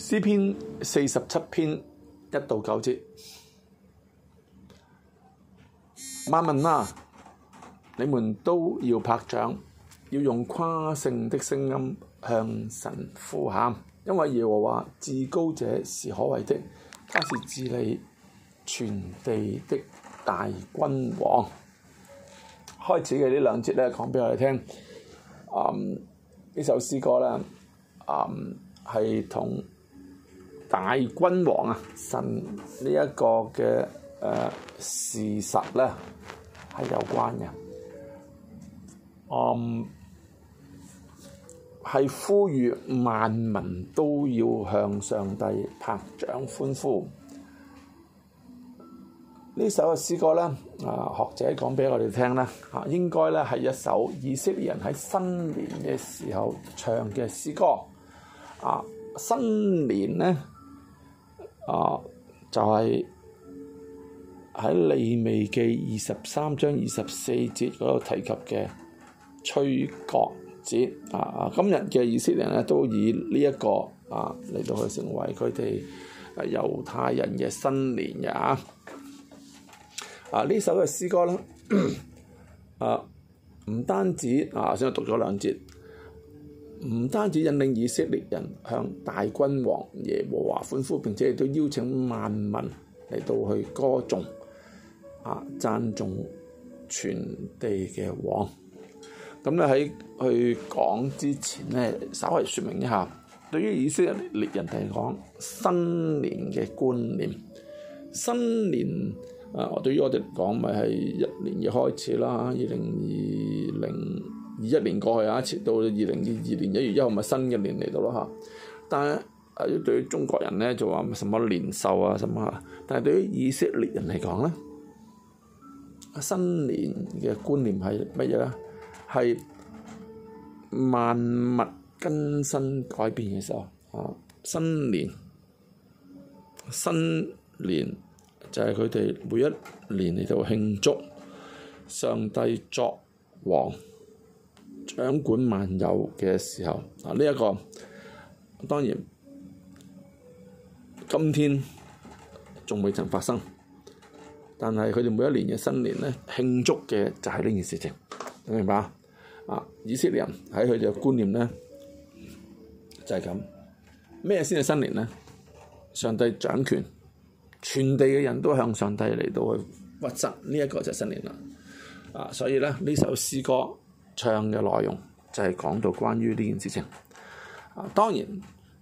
詩篇四十七篇一到九節，萬民哪，你們都要拍掌，要用誇勝的聲音向神呼喊，因為耶和華至高者是可畏的，他是治理全地的大君王。開始嘅呢兩節咧，講俾我哋聽，嗯，呢首詩歌呢，嗯係同大君王啊，神呢一個嘅誒事實咧，係有關嘅。啊，係呼籲萬民都要向上帝拍掌歡呼。呢首嘅詩歌咧，啊學者講俾我哋聽咧，啊應該咧係一首以色列人喺新年嘅時候唱嘅詩歌。啊，新年咧～啊！就係、是、喺利未記二十三章二十四節嗰度提及嘅吹角節啊！今日嘅以色列咧都以呢、這、一個啊嚟到去成為佢哋啊猶太人嘅新年嘅啊！呢首嘅詩歌呢，啊，唔、啊、單止啊，先係讀咗兩節。唔單止引領以色列人向大君王耶和華歡呼，並且亦都邀請萬民嚟到去歌頌啊讚頌全地嘅王。咁咧喺去講之前咧，稍為説明一下，對於以色列人嚟講，新年嘅觀念，新年啊，我對於我哋嚟講咪係一年嘅開始啦，二零二零。二一年過去啊，切到二零二二年一月一號，咪新嘅年嚟到咯嚇。但係誒，對於中國人呢，就話乜什麼年獸啊，什麼嚇？但係對於以色列人嚟講呢，新年嘅觀念係乜嘢咧？係萬物更新改變嘅時候，哦，新年新年就係佢哋每一年嚟到慶祝上帝作王。掌管萬有嘅時候，啊，呢一個當然今天仲未曾發生，但係佢哋每一年嘅新年咧，慶祝嘅就係呢件事情，明唔明白啊？以色列人喺佢哋嘅觀念咧就係咁，咩先係新年咧？上帝掌權，全地嘅人都向上帝嚟到去屈膝，呢一個就係新年啦。啊，所以咧呢首詩歌。唱嘅內容就係、是、講到關於呢件事情。啊，當然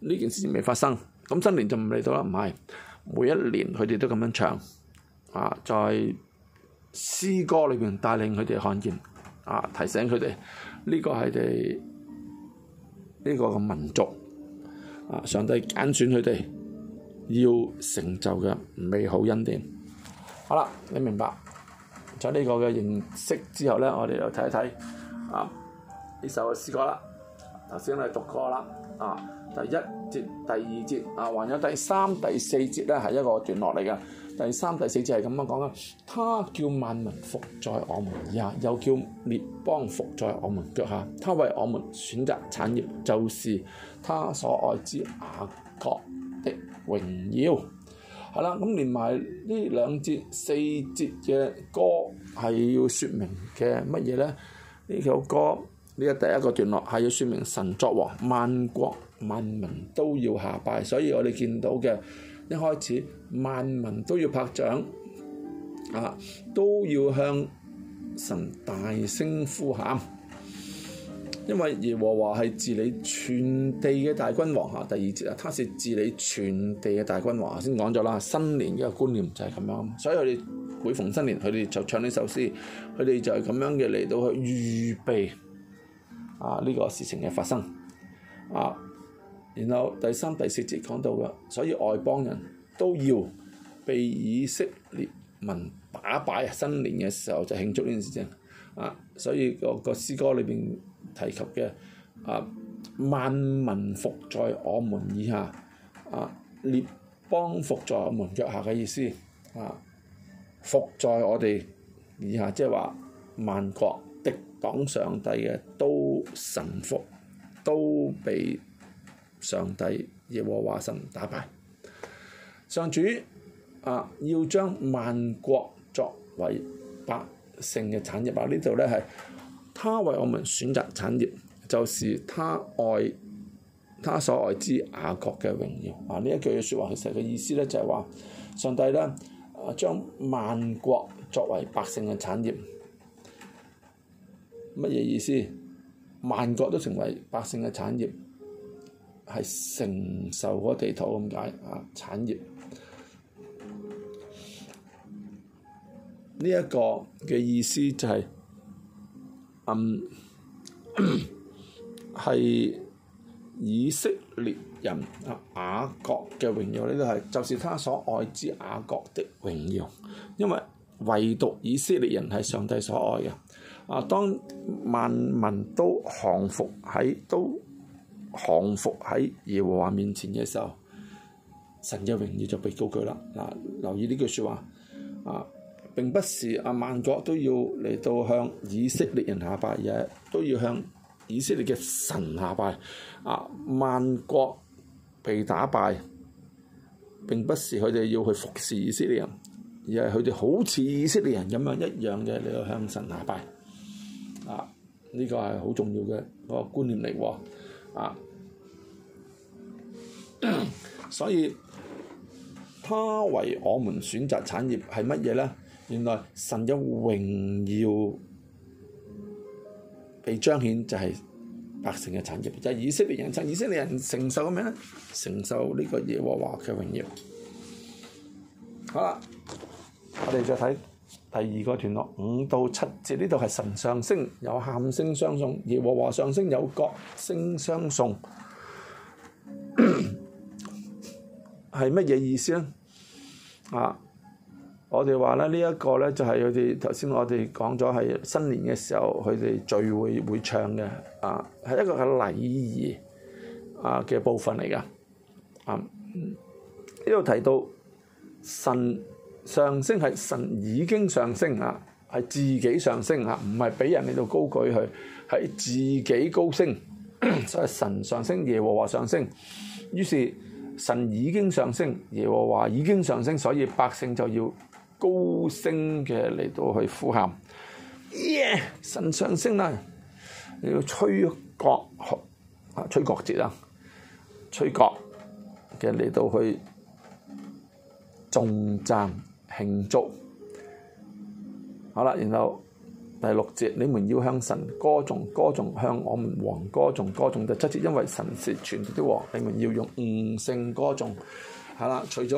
呢件事情未發生，咁新年就唔嚟到啦。唔係每一年佢哋都咁樣唱啊，在詩歌裏面，帶領佢哋看見啊，提醒佢哋呢個係哋呢個嘅民族啊。上帝揀選佢哋要成就嘅美好恩典。好啦，你明白在呢個嘅認識之後咧，我哋又睇一睇。啊！呢首嘅詩歌啦，頭先我哋讀過啦。啊，第一節、第二節啊，還有第三、第四節咧，係一個段落嚟嘅。第三、第四節係咁樣講嘅。他叫萬民服在我們以下，又叫列邦服在我們腳下。他為我們選擇產業，就是他所愛之雅各的榮耀。好、啊、啦，咁連埋呢兩節四節嘅歌係要說明嘅乜嘢咧？呢首歌呢個第一個段落係要說明神作王，萬國萬民都要下拜，所以我哋見到嘅一開始萬民都要拍掌，啊都要向神大聲呼喊，因為耶和華係治理全地嘅大君王啊。第二節啊，他是治理全地嘅大君王，先講咗啦。新年嘅觀念就係咁樣，所以我哋。每逢新年，佢哋就唱呢首詩，佢哋就係咁樣嘅嚟到去預備啊呢、這個事情嘅發生啊。然後第三、第四節講到嘅，所以外邦人都要被以色列民打敗，新年嘅時候就是，慶祝呢件事嘅啊。所以、啊所以，啊啊所以那個個詩歌裏邊提及嘅啊，萬民服在我們以下，啊列邦服在我們腳下嘅意思啊。伏在我哋以下，即係話萬國敵擋上帝嘅，都臣服，都被上帝耶和華神打敗。上主啊，要將萬國作為百姓嘅產業啊！呢度咧係他為我們選擇產業，就是他愛他所愛之雅各嘅榮耀啊！呢一句説話其實嘅意思咧就係話上帝咧。啊！將萬國作為百姓嘅產業，乜嘢意思？萬國都成為百姓嘅產業，係承受嗰地土咁解啊！產業呢一個嘅意思就係，嗯，係。以色列人啊，雅各嘅榮耀呢個係，就是他所愛之雅各的榮耀，因為唯獨以色列人係上帝所愛嘅。啊，當萬民都降服喺都降服喺耶和華面前嘅時候，神嘅榮耀就被高舉啦，嗱留意呢句説話，啊並不是啊萬國都要嚟到向以色列人下拜，而都要向。以色列嘅神下拜，啊萬國被打敗，並不是佢哋要去服侍以色列人，而係佢哋好似以色列人咁樣一樣嘅，呢個向神下拜，啊呢個係好重要嘅個觀念嚟喎，啊，所以他為我們選擇產業係乜嘢咧？原來神嘅榮耀。係彰顯就係百姓嘅產業，就係、是、以色列人，就以色列人承受嘅咩咧？承受呢個耶和華嘅榮耀。好啦，我哋再睇第二個段落五到七節，呢度係神上升有喊聲相送，耶和華上升有角聲相送，係乜嘢意思咧？啊！我哋話咧，呢一個咧就係佢哋頭先，我哋講咗係新年嘅時候，佢哋聚會會唱嘅啊，係一個嘅禮儀啊嘅部分嚟噶。啊，呢度提到神上升係神已經上升啊，係自己上升啊，唔係俾人喺度高舉佢，係自己高升。所以神上升，耶和華上升，於是神已經上升，耶和華已經上升，所以百姓就要，高聲嘅嚟到去呼喊，耶、yeah！神上升啦！要吹角，啊吹角節啊，吹角嘅嚟到去重讚慶祝。好啦，然後第六節，你們要向神歌頌，歌頌，向我們王歌頌，歌頌。第七節，因為神是全地的王，你們要用悟性歌頌。係啦，除咗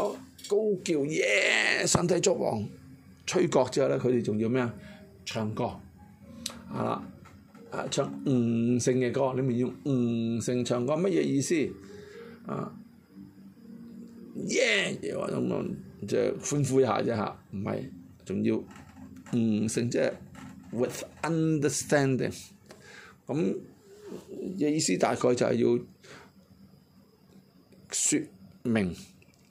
高叫耶，上帝作王吹角之後咧，佢哋仲要咩啊？唱歌係啦，啊唱悟性嘅歌，你咪要悟性唱歌，乜嘢意思啊？耶又話咁樣就歡呼一下啫吓，唔係仲要悟性即係 with understanding，咁嘅意思大概就係要説明。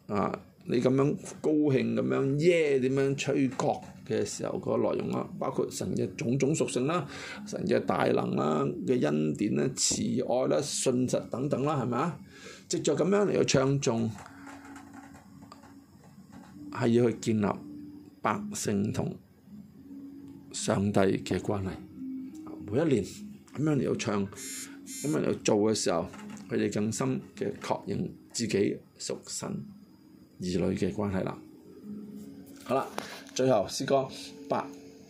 啊，你咁樣高興咁樣耶，點樣吹角嘅時候，個內容啦，包括神嘅種種屬性啦，神嘅大能啦，嘅恩典啦，慈愛啦，信實等等啦，係咪啊？藉著咁樣嚟去唱頌，係要去建立百姓同上帝嘅關係。每一年咁樣嚟去唱，咁樣嚟去做嘅時候，佢哋更深嘅確認自己屬神。兒女嘅關係啦，好啦，最後詩歌八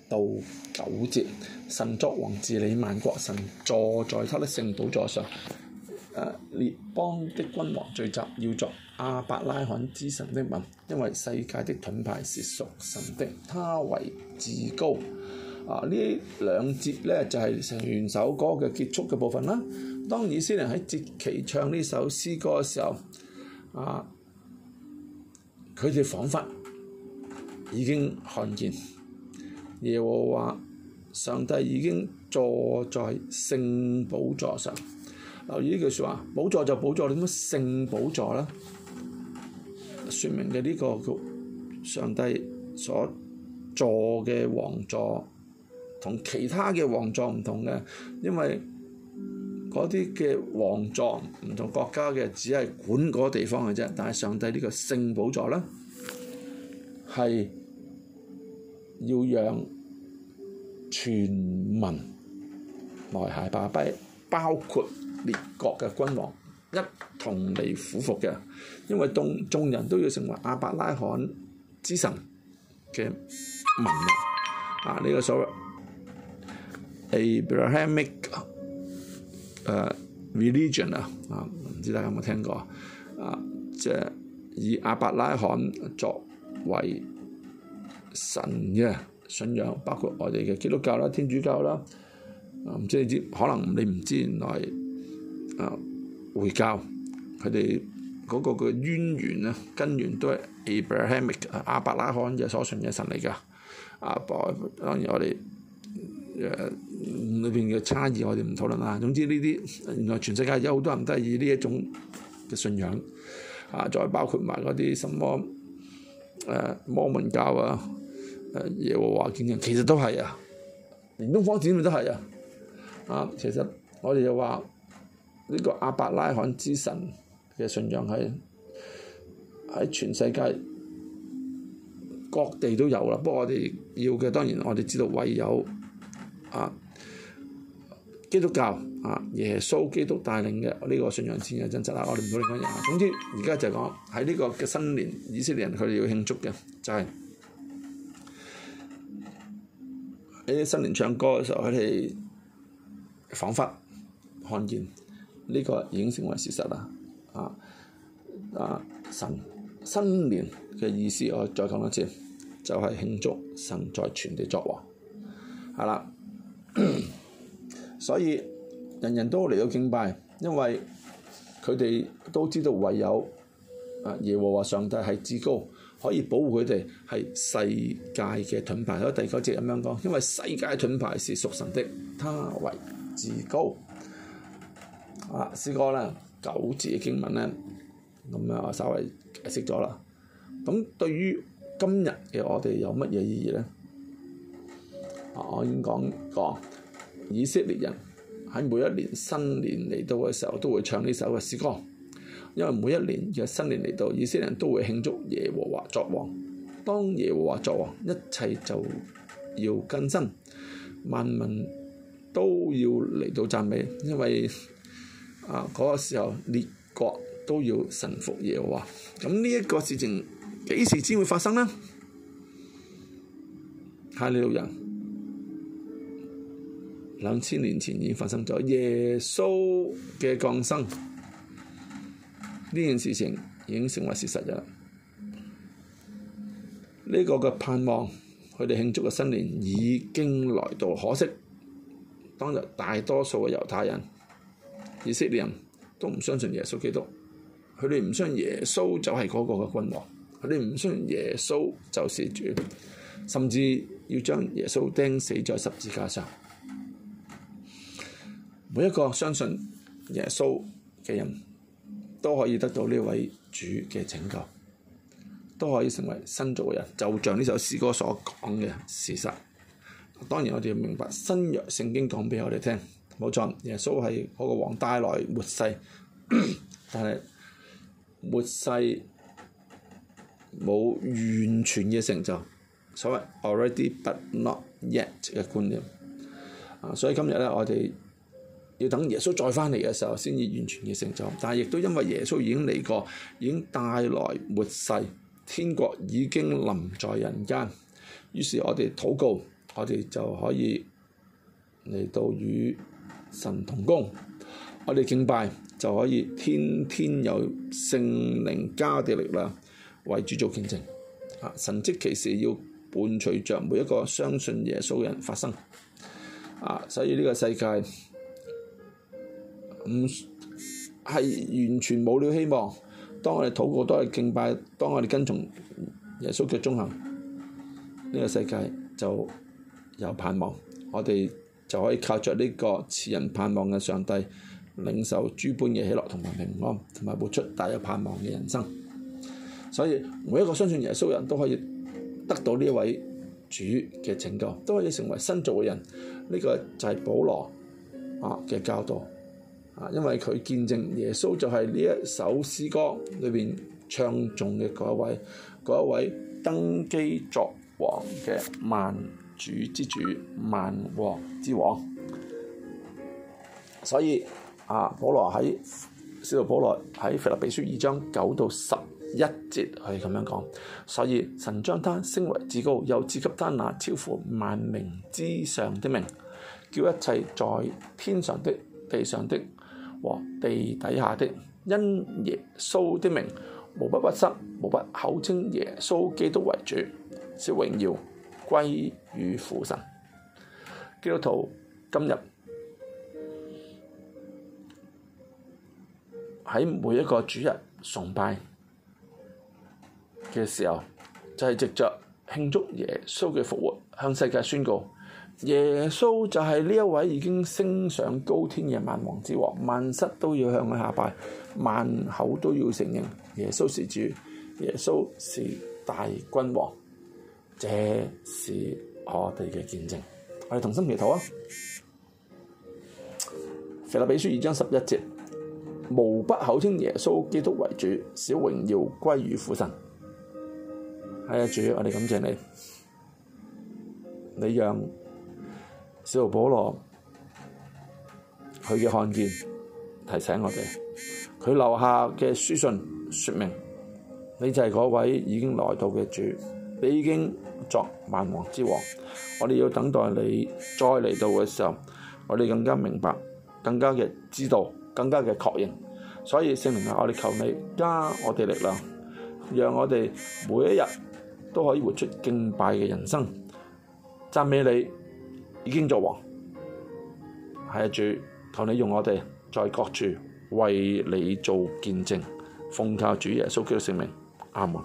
到九節，神作王治理萬國，神坐在他的聖寶座上，誒、啊、列邦的君王聚集要作亞伯拉罕之神的民，因為世界的盾牌是屬神的，他為至高。啊，兩節呢兩節咧就係成全首歌嘅結束嘅部分啦。當以色列喺節期唱呢首詩歌嘅時候，啊～佢哋彷彿已經看見耶和華上帝已經坐在聖寶座上。留意呢句説話，寶座就寶座，點解聖寶座呢？説明嘅呢個叫上帝所坐嘅王座，同其他嘅王座唔同嘅，因為，嗰啲嘅王座唔同國家嘅，只係管嗰個地方嘅啫。但係上帝個呢個聖寶座咧，係要讓全民來下拜，包括列國嘅君王一同嚟俯伏嘅，因為眾眾人都要成為阿伯拉罕之神嘅民啊！呢、呢個所謂。Abrahamic 誒、uh, religion 啊，啊唔知大家有冇聽過啊？即係以阿伯拉罕作為神嘅信仰，包括我哋嘅基督教啦、天主教啦，啊唔知你知？可能你唔知原來誒、啊、回教佢哋嗰個嘅淵源啊根源都係 Abrahamic 亞、啊、伯拉罕嘅所信嘅神嚟㗎，啊，當然我哋誒。啊裏邊嘅差異我哋唔討論啦。總之呢啲原來全世界有好多人都係以呢一種嘅信仰，啊，再包括埋嗰啲什麼誒摩、啊、門教啊、誒、啊、耶和華見證人啊，其實都係啊，連東方寺都係啊。啊，其實我哋就話呢、呢個亞伯拉罕之神嘅信仰係喺全世界各地都有啦、啊。不過我哋要嘅當然我哋知道唯有啊。基督教啊，耶穌基督帶領嘅呢、這個信仰纔係真實啊！我哋唔好亂講嘢啊。總之，而家就係講喺呢個嘅新年，以色列人佢哋要慶祝嘅就係喺啲新年唱歌嘅時候，佢哋彷彿看見呢、這個已經成為事實啦。啊啊！神新年嘅意思，我再講多次，就係、是、慶祝神在全地作王。係啦。 所以人人都嚟到敬拜，因為佢哋都知道唯有啊耶和華上帝係至高，可以保護佢哋係世界嘅盾牌。所以第九節咁樣講，因為世界盾牌是屬神的，他為至高。啊，詩歌啦，九節嘅經文咧，咁啊稍微解釋咗啦。咁對於今日嘅我哋有乜嘢意義咧？我已經講過。以色列人喺每一年新年嚟到嘅時候都會唱呢首嘅詩歌，因為每一年嘅新年嚟到，以色列人都會慶祝耶和華作王。當耶和華作王，一切就要更新，萬民都要嚟到讚美，因為啊嗰、那個時候列國都要臣服耶和華。咁呢一個事情幾時先會發生呢？哈利路亞。兩千年前已經發生咗耶穌嘅降生呢件事情，已經成為事實咗。呢、這個嘅盼望，佢哋慶祝嘅新年已經來到。可惜當日大多數嘅猶太人、以色列人都唔相信耶穌基督，佢哋唔相信耶穌就係嗰個嘅君王，佢哋唔相信耶穌就是主，甚至要將耶穌釘死在十字架上。每一個相信耶穌嘅人，都可以得到呢位主嘅拯救，都可以成為新造人，就像呢首詩歌所講嘅事實。當然，我哋要明白新約聖經講俾我哋聽，冇錯，耶穌係嗰個王帶來末世， 但係末世冇完全嘅成就，所謂 already but not yet 嘅觀念。啊，所以今日咧，我哋。要等耶穌再返嚟嘅時候，先至完全嘅成就。但係亦都因為耶穌已經嚟過，已經帶來末世，天國已經臨在人間。於是，我哋禱告，我哋就可以嚟到與神同工。我哋敬拜，就可以天天有聖靈加嘅力量，為主做見證。神蹟奇事要伴隨着每一個相信耶穌嘅人發生。所以呢個世界。唔係完全冇了希望。當我哋禱告，都係敬拜，當我哋跟從耶穌嘅腳蹤行，呢個世界就有盼望。我哋就可以靠著呢個慈人盼望嘅上帝領受諸般嘅喜樂、同埋平安，同埋活出大有盼望嘅人生。所以每一個相信耶穌人都可以得到呢位主嘅拯救，都可以成為新造嘅人。呢個就係保羅啊嘅教導。因為佢見證耶穌就係呢一首詩歌裏面唱頌嘅嗰一位一位登基作王嘅萬主之主、萬王之王。所以啊，保羅喺《使徒保羅》喺《腓立比書》二章九到十一節去咁樣講。所以神將他升為至高，又賜給他那超乎萬名之上的名，叫一切在天上的、地上的，和地底下的，因耶穌的名，無不屈膝，無不口稱耶穌基督為主，將榮耀歸於父神。基督徒今日喺每一個主日崇拜嘅時候，就係、是、藉著慶祝耶穌嘅復活，向世界宣告。耶穌就係呢一位已經升上高天嘅萬王之王，萬膝都要向佢下拜，萬口都要承認耶穌是主，耶穌是大君王。這是我哋嘅見,見證，我哋同心祈禱啊！腓立比書二章十一節，無不口稱耶穌基督為主，小榮耀歸於父神。係、哎、啊，主，我哋感謝你，你讓。小保羅佢嘅看見提醒我哋，佢留下嘅書信説明，你就係嗰位已經來到嘅主，你已經作萬王之王，我哋要等待你再嚟到嘅時候，我哋更加明白，更加嘅知道，更加嘅確認。所以聖靈啊，我哋求你加我哋力量，讓我哋每一日都可以活出敬拜嘅人生，讚美你。已經做王，係啊，主，求你用我哋在各處為你做見證，奉靠主耶穌基督聖名，阿門。